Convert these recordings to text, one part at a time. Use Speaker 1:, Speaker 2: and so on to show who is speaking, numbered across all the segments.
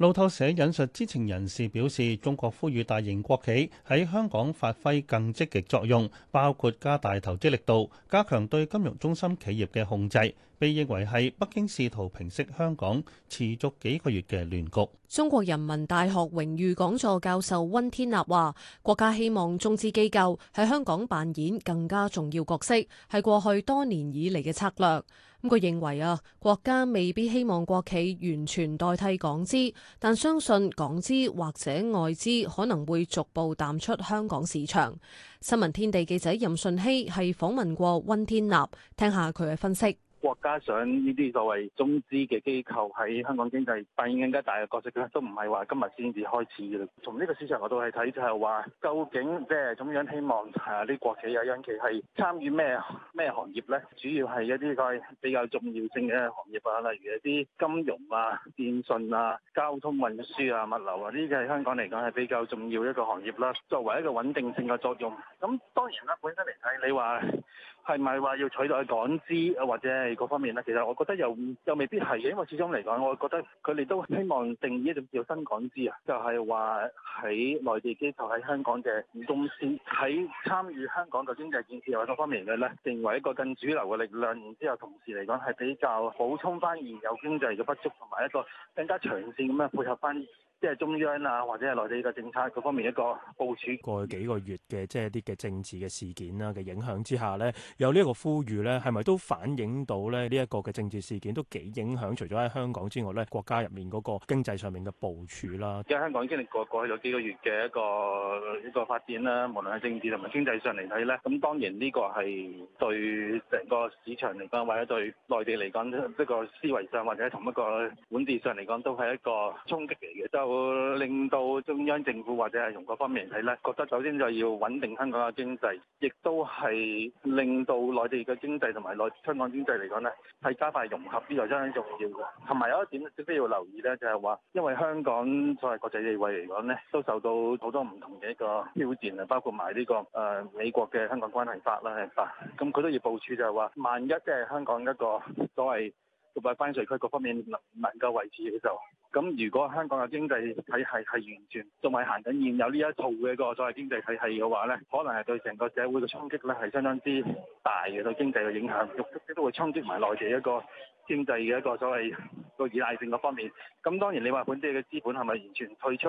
Speaker 1: 路透社引述知情人士表示，中國呼籲大型國企喺香港發揮更積極作用，包括加大投資力度，加強對金融中心企業嘅控制。被認為係北京試圖平息香港持續幾個月嘅亂局。
Speaker 2: 中國人民大學榮譽講座教授溫天納話，國家希望中資機構喺香港扮演更加重要角色，係過去多年以嚟嘅策略。咁佢認為啊，國家未必希望國企完全代替港資，但相信港資或者外資可能會逐步淡出香港市場。新聞天地記者任順熙係訪問過溫天納，聽下佢嘅分析。
Speaker 1: 國家想呢啲所謂中資嘅機構喺香港經濟扮演更加大嘅角色咧，都唔係話今日先至開始嘅。從呢個市場角度去睇就係話，究竟即係咁樣希望啊啲國企有央企係參與咩咩行業呢？主要係一啲個比較重要性嘅行業啊，例如一啲金融啊、電信啊、交通運輸啊、物流啊，呢啲係香港嚟講係比較重要一個行業啦。作為一個穩定性嘅作用，咁當然啦，本身嚟睇你話，係咪話要取代港資啊，或者係各方面咧？其實我覺得又又未必係嘅，因為始終嚟講，我覺得佢哋都希望定義一種叫新港資啊，就係話喺內地機構喺香港嘅公司喺參與香港嘅經濟建設或者各方面嘅咧，成為一個更主流嘅力量，然之後同時嚟講係比較補充翻現有經濟嘅不足，同埋一個更加長線咁樣配合翻。即係中央啊，或者係內地嘅政策各方面一個部署，過去幾個月嘅即係一啲嘅政治嘅事件啦嘅影響之下咧，有呢一個呼籲咧，係咪都反映到咧呢一個嘅政治事件都幾影響？除咗喺香港之外咧，國家入面嗰個經濟上面嘅部署啦，因為香港已經歷過過去咗幾個月嘅一個一個發展啦，無論係政治同埋經濟上嚟睇咧，咁當然呢個係對成個市場嚟講，或者對內地嚟講，即個思維上或者同一個本質上嚟講，都係一個衝擊嚟嘅，即我令到中央政府或者係從各方面嚟睇，咧，覺得首先就要穩定香港嘅經濟，亦都係令到內地嘅經濟同埋內香港經濟嚟講咧，係加快融合呢個真係重要嘅。同埋有一點必須要留意咧，就係、是、話，因為香港作為國際地位嚟講咧，都受到好多唔同嘅一個挑戰啊，包括埋、這、呢個誒、呃、美國嘅香港關係法啦，咁佢都要部署就係話，萬一即係香港一個所謂獨立關稅區各方面能能夠維持嘅就。咁如果香港嘅經濟體系係完全，仲係行緊現有呢一套嘅個所謂經濟體系嘅話咧，可能係對成個社會嘅衝擊咧係相當之大嘅，對經濟嘅影響，亦都都會衝擊埋內地一個經濟嘅一個所謂個依賴性嗰方面。咁當然你話本地嘅資本係咪完全退出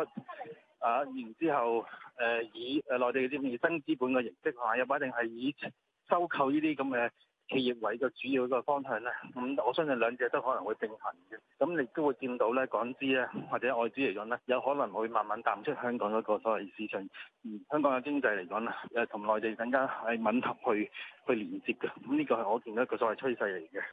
Speaker 1: 啊？然之後誒、呃、以誒內地嘅資本以新資本嘅形式嚇，又不一定係以收購呢啲咁嘅。企業位嘅主要個方向咧，咁我相信兩者都可能會並行嘅，咁你都會見到咧港資咧或者外資嚟講咧，有可能會慢慢淡出香港一個所謂市場。嗯，香港嘅經濟嚟講咧，誒同內地更加係吻合去去連接嘅，咁呢個係我見到一個所謂趨勢嚟
Speaker 2: 嘅。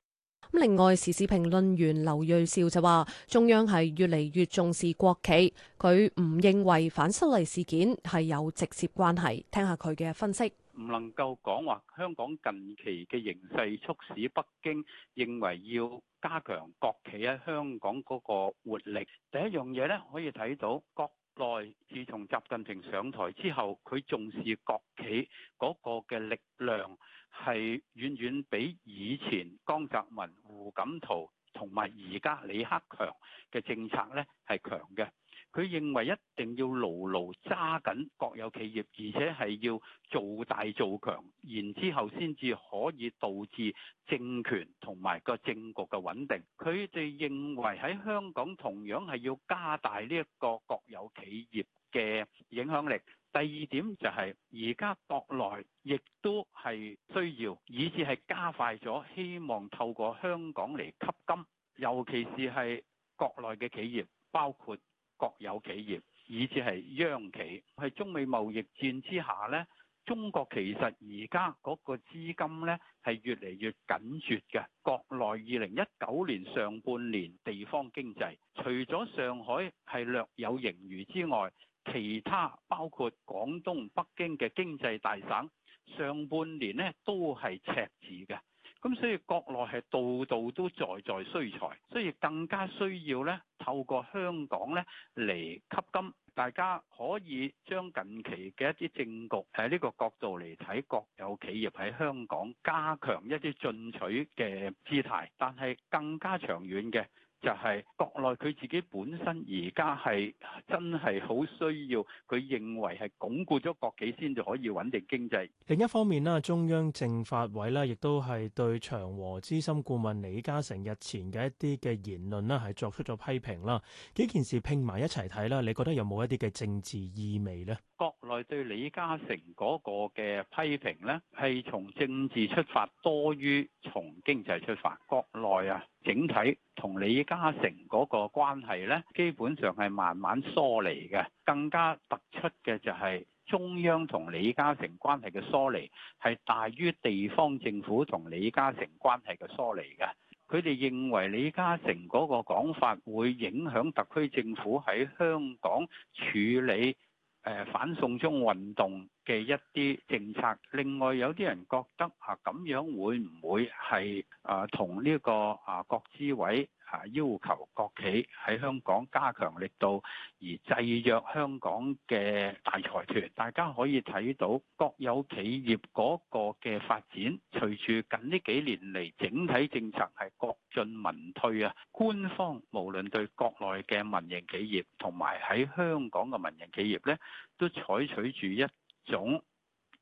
Speaker 2: 咁另外，時事評論員劉銳紹就話，中央係越嚟越重視國企，佢唔認為反修例事件係有直接關係。聽下佢嘅分析，
Speaker 3: 唔能夠講話香港近期嘅形勢促使北京認為要加強國企喺香港嗰個活力。第一樣嘢咧，可以睇到國。內，自從習近平上台之後，佢重視國企嗰個嘅力量，係遠遠比以前江澤民、胡錦濤同埋而家李克強嘅政策咧係強嘅。佢認為一定要牢牢揸緊國有企業，而且係要做大做強，然之後先至可以導致政權同埋個政局嘅穩定。佢哋認為喺香港同樣係要加大呢一個國有企業嘅影響力。第二點就係而家國內亦都係需要，以至係加快咗希望透過香港嚟吸金，尤其是係國內嘅企業，包括，國有企業，以至係央企，喺中美貿易戰之下呢，中國其實而家嗰個資金呢，係越嚟越緊缺嘅。國內二零一九年上半年地方經濟，除咗上海係略有盈餘之外，其他包括廣東、北京嘅經濟大省，上半年呢都係赤字嘅。咁所以國內係度度都在在需財，所以更加需要呢。透過香港咧嚟吸金，大家可以將近期嘅一啲政局，喺呢個角度嚟睇，國有企業喺香港加強一啲進取嘅姿態，但係更加長遠嘅。就係國內佢自己本身而家係真係好需要，佢認為係鞏固咗國企先至可以穩定經濟。
Speaker 1: 另一方面咧，中央政法委呢亦都係對長和資深顧問李嘉誠日前嘅一啲嘅言論咧係作出咗批評啦。幾件事拼埋一齊睇啦，你覺得有冇一啲嘅政治意味呢？
Speaker 3: 國內對李嘉誠嗰個嘅批評呢，係從政治出發多於從經濟出發。國內啊，整體。同李嘉誠嗰個關係呢，基本上係慢慢疏離嘅。更加突出嘅就係中央同李嘉誠關係嘅疏離，係大於地方政府同李嘉誠關係嘅疏離嘅。佢哋認為李嘉誠嗰個講法會影響特區政府喺香港處理。誒反送中運動嘅一啲政策，另外有啲人覺得啊，咁樣會唔會係啊同呢個啊國資委啊要求國企喺香港加強力度而制約香港嘅大財團？大家可以睇到國有企業嗰個嘅發展，隨住近呢幾年嚟，整體政策係國進民退啊！官方無論對國內嘅民營企業同埋喺香港嘅民營企業咧，都採取住一種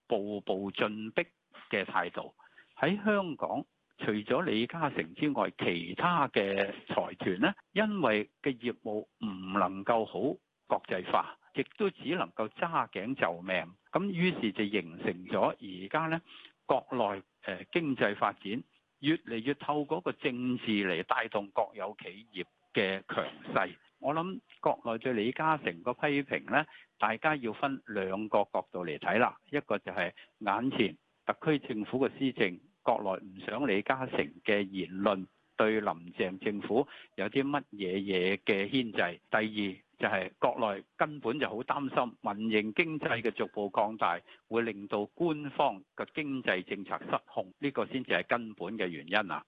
Speaker 3: 步步進逼嘅態度。喺香港，除咗李嘉誠之外，其他嘅財團咧，因為嘅業務唔能夠好國際化，亦都只能夠揸頸就命。咁於是就形成咗而家咧國內誒經濟發展。越嚟越透過個政治嚟帶動國有企業嘅強勢，我諗國內對李嘉誠個批評呢，大家要分兩個角度嚟睇啦。一個就係眼前特區政府嘅施政，國內唔想李嘉誠嘅言論對林鄭政府有啲乜嘢嘢嘅牽制。第二。就係國內根本就好擔心，民營經濟嘅逐步擴大會令到官方嘅經濟政策失控，呢個先至係根本嘅原因啊！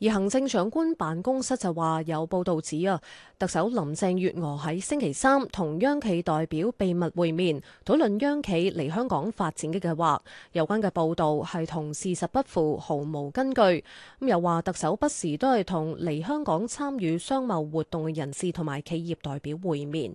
Speaker 2: 而行政長官辦公室就話，有報道指啊，特首林鄭月娥喺星期三同央企代表秘密會面，討論央企嚟香港發展嘅計劃。有關嘅報道係同事實不符，毫無根據。咁又話特首不時都係同嚟香港參與商貿活動嘅人士同埋企業代表會面。